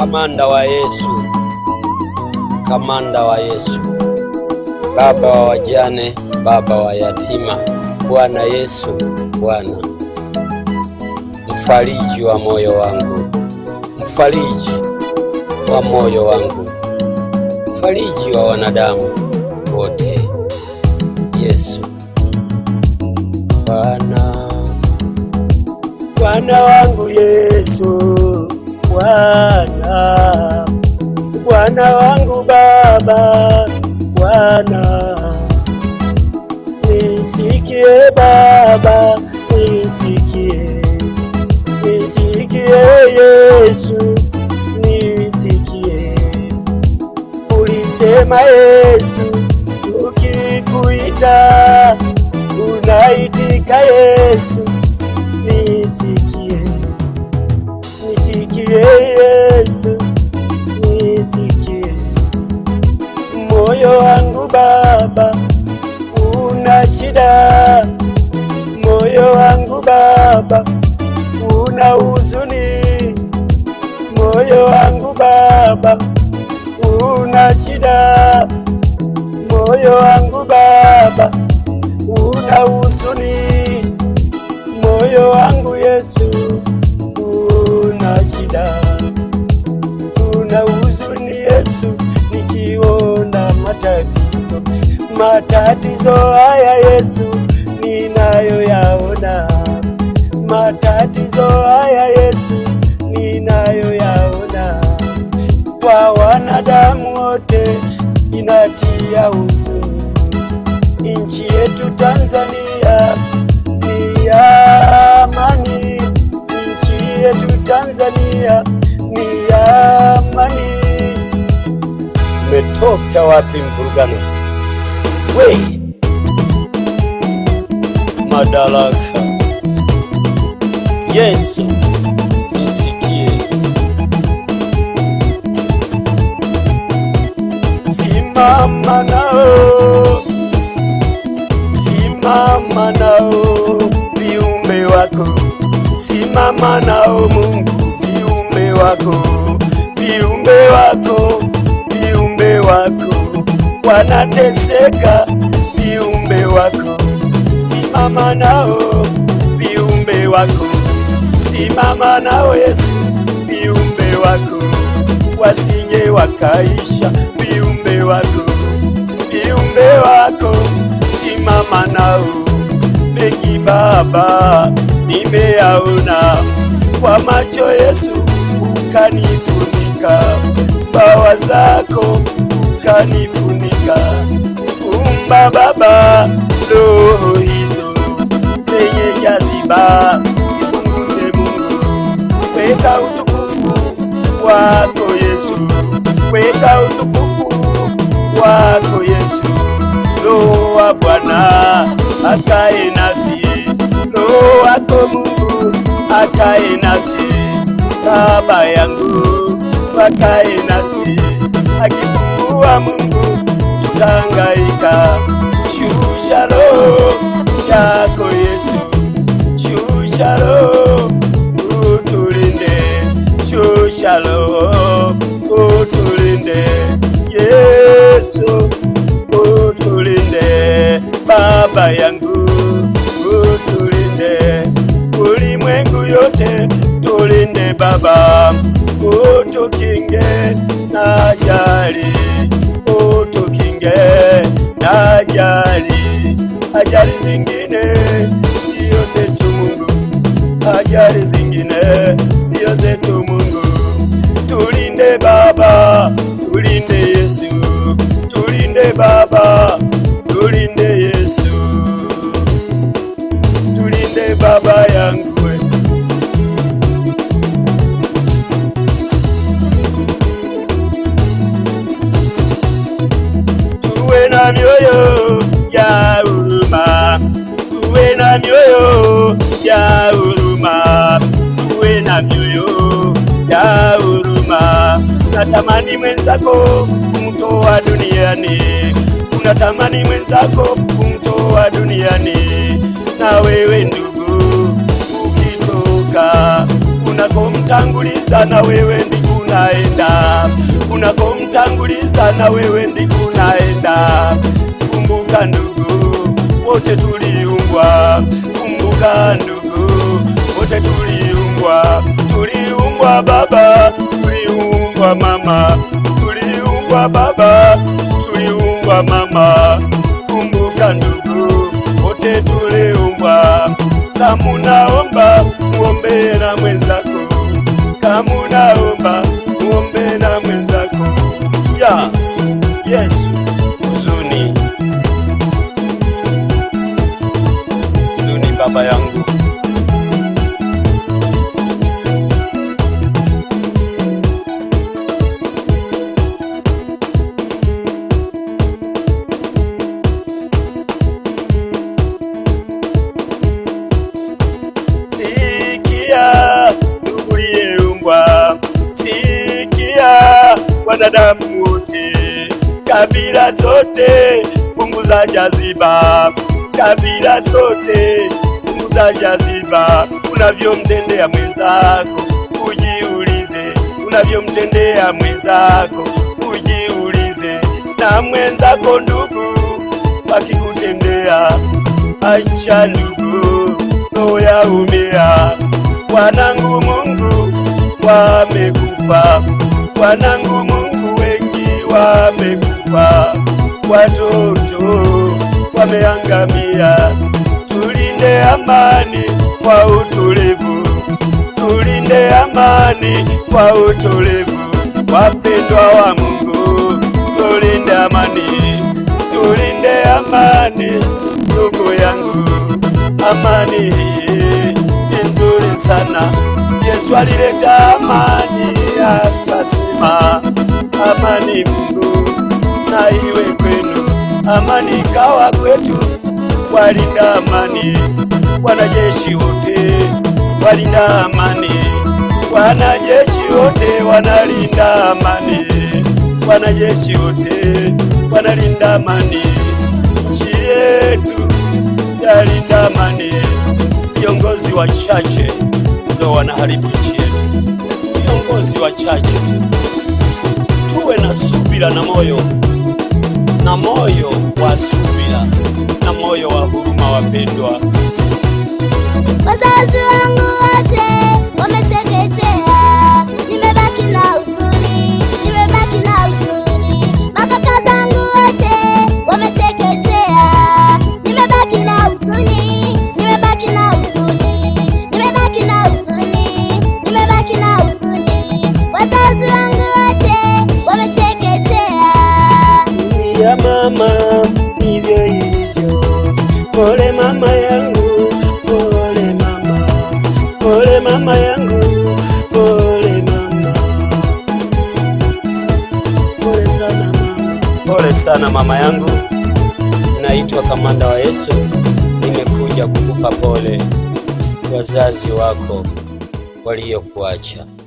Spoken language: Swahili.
Kamanda wa Yesu, kamanda wa Yesu, baba wa wajane, baba wa yatima, Bwana Yesu, Bwana mfariji wa moyo wangu, mfariji wa moyo wangu, mfariji wa wanadamu wote, Yesu Bwana, Bwana wangu Yesu Bwana Bwana wangu Baba, Bwana nisikie, Baba nisikie, nisikie Yesu nisikie. Ulisema Yesu, tukikuita unaitika Yesu moyo wangu Baba una shida, moyo wangu Baba una huzuni, moyo wangu Baba una shida, moyo wangu Baba matatizo haya Yesu ninayoyaona, matatizo haya Yesu ninayoyaona, kwa wanadamu wote inatia huzuni. Nchi yetu Tanzania ni ya amani, nchi yetu Tanzania ni ya amani. Umetoka wapi mvurugano? we madaraka. Yesu nisikie, simama nao, simama nao viumbe wako, simama nao Mungu viumbe wako, viumbe wako, viumbe wako wanateseka viumbe wako, simama nao viumbe wako, simama nao Yesu viumbe wako, wasije wakaisha viumbe wako, viumbe wako, simama nao. Mengi Baba nimeyaona kwa macho Yesu, ukanifunika bawa zako ukanifunika kutoka umba baba roho hizo zenye jaziba zipunguze Mungu, weka utukufu wako Yesu, weka utukufu wako Yesu. Roho wa Bwana akae nasi, roho wako Mungu akae nasi, baba yangu wakae nasi, akipungua Mungu kutangaika. Shusha roho yako Yesu, shusha roho utulinde, shusha roho utulinde Yesu, utulinde Baba yangu, utulinde ulimwengu yote, tulinde Baba, utukinge na ajali ajali, ajali zingine sio zetu Mungu, ajali zingine sio zetu Mungu. Tulinde Baba, tulinde Yesu, tulinde Baba, tulinde Yesu, tulinde Baba yangu mioyo mioyo ya huruma, uwe na mioyo ya huruma. Unatamani mwenzako kumtoa duniani, unatamani mwenzako kumtoa duniani. Na wewe ndugu, ukitoka unakomtanguliza, na wewe ndiko unaenda, unakomtanguliza, na wewe ndiko unaenda. Kumbuka ndugu wote tuliumbwa. Kumbuka ndugu, wote tuliumbwa, tuliumbwa baba, tuliumbwa mama, tuliumbwa baba baba yangu. Sikia sikia wanadamu wote, kabila zote, punguza jaziba kabila zote za jaziba unavyomtendea mwenzako, ujiulize unavyomtendea mwenzako, ujiulize na mwenzako ndugu wakikutendea. Aisha ndugu, noya yaumia, wanangu Mungu wamekufa, wanangu Mungu wengi wamekufa, watoto wameangamia amani kwa utulivu, tulinde amani kwa utulivu. Wapendwa wa Mungu, tulinde amani, tulinde amani. Ndugu yangu, amani ni nzuri sana. Yesu alileta amani akasema, amani Mungu na iwe kwenu, amani ikawa kwetu walinda amani, wanajeshi wote walinda amani, wanajeshi wote wanalinda amani, wanajeshi wote wanalinda amani, nchi yetu yalinda amani. Viongozi wachache ndio wanaharibu nchi yetu, viongozi wachache tuwe na subira na moyo na moyo wa subira na moyo wa huruma, wapendwa wazazi wangu wote sana mama yangu, naitwa Kamanda wa Yesu, nimekuja kukupa pole wazazi wako waliokuacha.